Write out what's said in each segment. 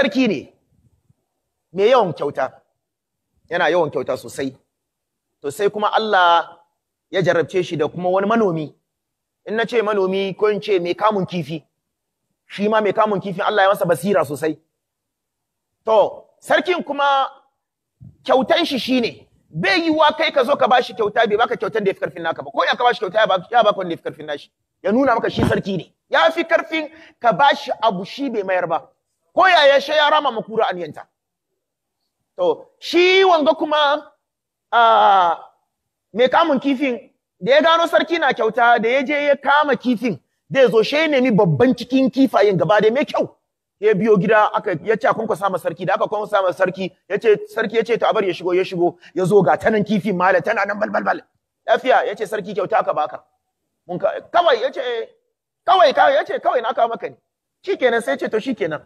sarki ne mai yawan kyauta yana yawan kyauta sosai to kuma Allah ya jarabce shi da kuma wani manomi in na ce manomi ko in ce mai kamun kifi shi ma mai kamun kifin Allah ya masa basira sosai to sarkin kuma kyautan shi ne, bai yi wa kai ka zo ka bashi kyauta bai baka kyautan da ya fi karfin naka ba ko ya ka shi kyauta ya baka wanda ya fi karfin nashi ya nuna maka shi sarki ne ya fi karfin ka bashi abu shi bai mayar ba ko yaya sha ya rama kura aniyanta to shi wanga kuma a mai kamun kifin da ya gano sarki na kyauta da ya je ya kama kifin da ya zo shi nemi babban cikin kifayen gaba da mai kyau ya biyo gida aka ya ce kun sama sarki da aka kun sama sarki ya ce sarki ya ce to abar ya shigo ya shigo ya zo ga tanan kifin mala tana nan balbalbal lafiya ya ce sarki kyauta aka baka mun kawai ya ce kawai kawai ya ce kawai na kawo maka ne shikenan sai ce to shikenan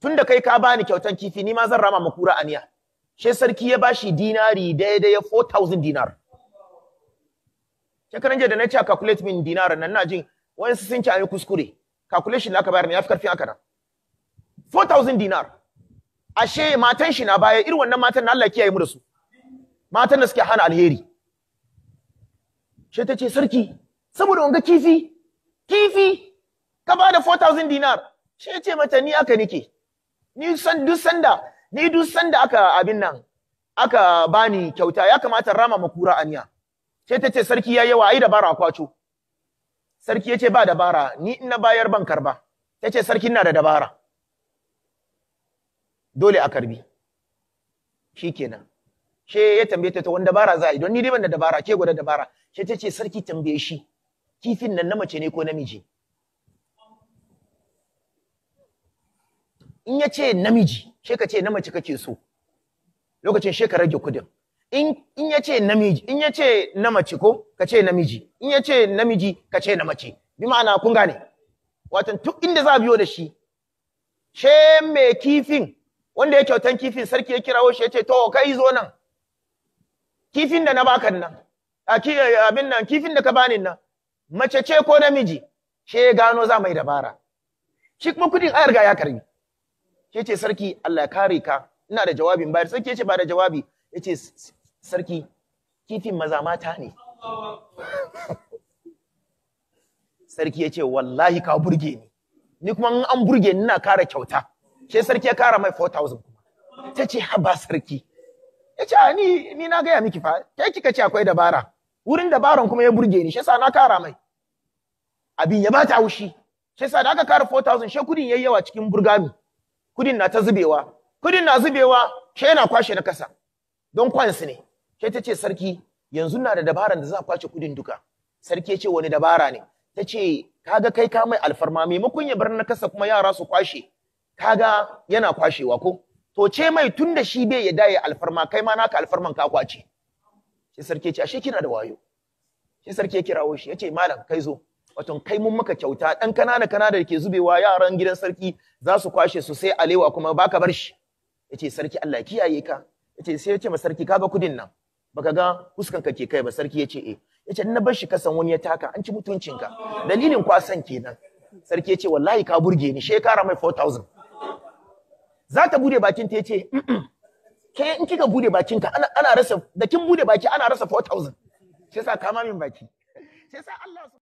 tunda kai ka bani kyautan kifi ni ma zan rama makura kura aniya she sarki ya bashi dinari daidai 4000 dinar shekaran jiya da na ce calculate min dinar nan na jin wani sun ci an kuskure calculation da aka bayar ne ya fi karfin aka nan 4000 dinar ashe matan shi na baya irin wannan matan na Allah kiyaye mu da su matan da suke hana alheri she ta ce sarki saboda wanga kifi kifi ka ba da 4000 dinar she ce mata ni aka nike ni san duk sanda ni duk sanda aka abin nan aka bani kyauta ya kamata rama makura aniya sai ta ce sarki ya yawa ai dabara kwaco sarki ya ce ba dabara ni ina bayar ban karba ta ce sarki na da dabara dole a karbi shikenan she ya tambaye ta to wani dabara za a yi don ni dai ban da dabara ke gwada dabara she ta ce sarki tambaye shi kifin nan na mace ne ko namiji in ya ce namiji she ka ce na mace kake so lokacin she ka rage kudin in in ya ce namiji in ya ce na mace ko ka ce namiji in ya ce namiji ka ce na mace bi ma'ana kun gane watan duk inda za a biyo da shi she mai kifin wanda ya kyautan kifin sarki ya kirawo shi ya ce to kai zo nan kifin da na baka nan abin nan kifin da ka bani nan mace ce ko namiji she gano za mai dabara shi kuma kudin an riga ya karbi ke ce sarki Allah kare ka ina da jawabin bayar sarki ya ce ba da jawabi ya ce sarki kifin maza mata ne sarki ya ce wallahi ka burge ni ni kuma in an burge ni na kara kyauta ke sarki ya kara mai 4000 kuma ta ce ba sarki ya ce ni ni na gaya miki fa kai kika ce akwai dabara wurin dabaran kuma ya burge ni shi yasa na kara mai abin ya bata haushi shi yasa da aka kara 4000 shi kudin yayi yawa cikin burgami kudin na ta zubewa kudin na zubewa shi yana kwashe na kasa don kwansu ne shi ta ce sarki yanzu na da dabaran da za a kwace kudin duka sarki ya ce wani dabara ne ta ce kaga kai ka mai alfarma maimakon ya bar na kasa kuma yara su kwashe kaga yana kwashewa ko to ce mai tun da shi bai ya daye alfarma kai ma naka alfarman ka kwace shi sarki ya ce ashe kina da wayo shi sarki ya kirawo shi ya ce malam kai zo wato kai mun maka kyauta ɗan kanana ƙanana da ke zubewa yaran gidan sarki za su kwashe su sai alewa kuma ba ka bar shi Ya ce sarki Allah kiyaye ka Ya ce sai ya ce ma sarki ka ga kudin nan baka ga huskan ka ke kai ba sarki ya ce eh Ya ce na bar shi kasan wani ya taka an ci mutuncinka dalilin kwasan kenan sarki ya ce wallahi ka burge ni shekara mai 4000 za ta bude bakin ta ce ke in kika bude bakin ka ana ana rasa da kin bude baki ana rasa 4000 sai sa kama min baki sai sa Allah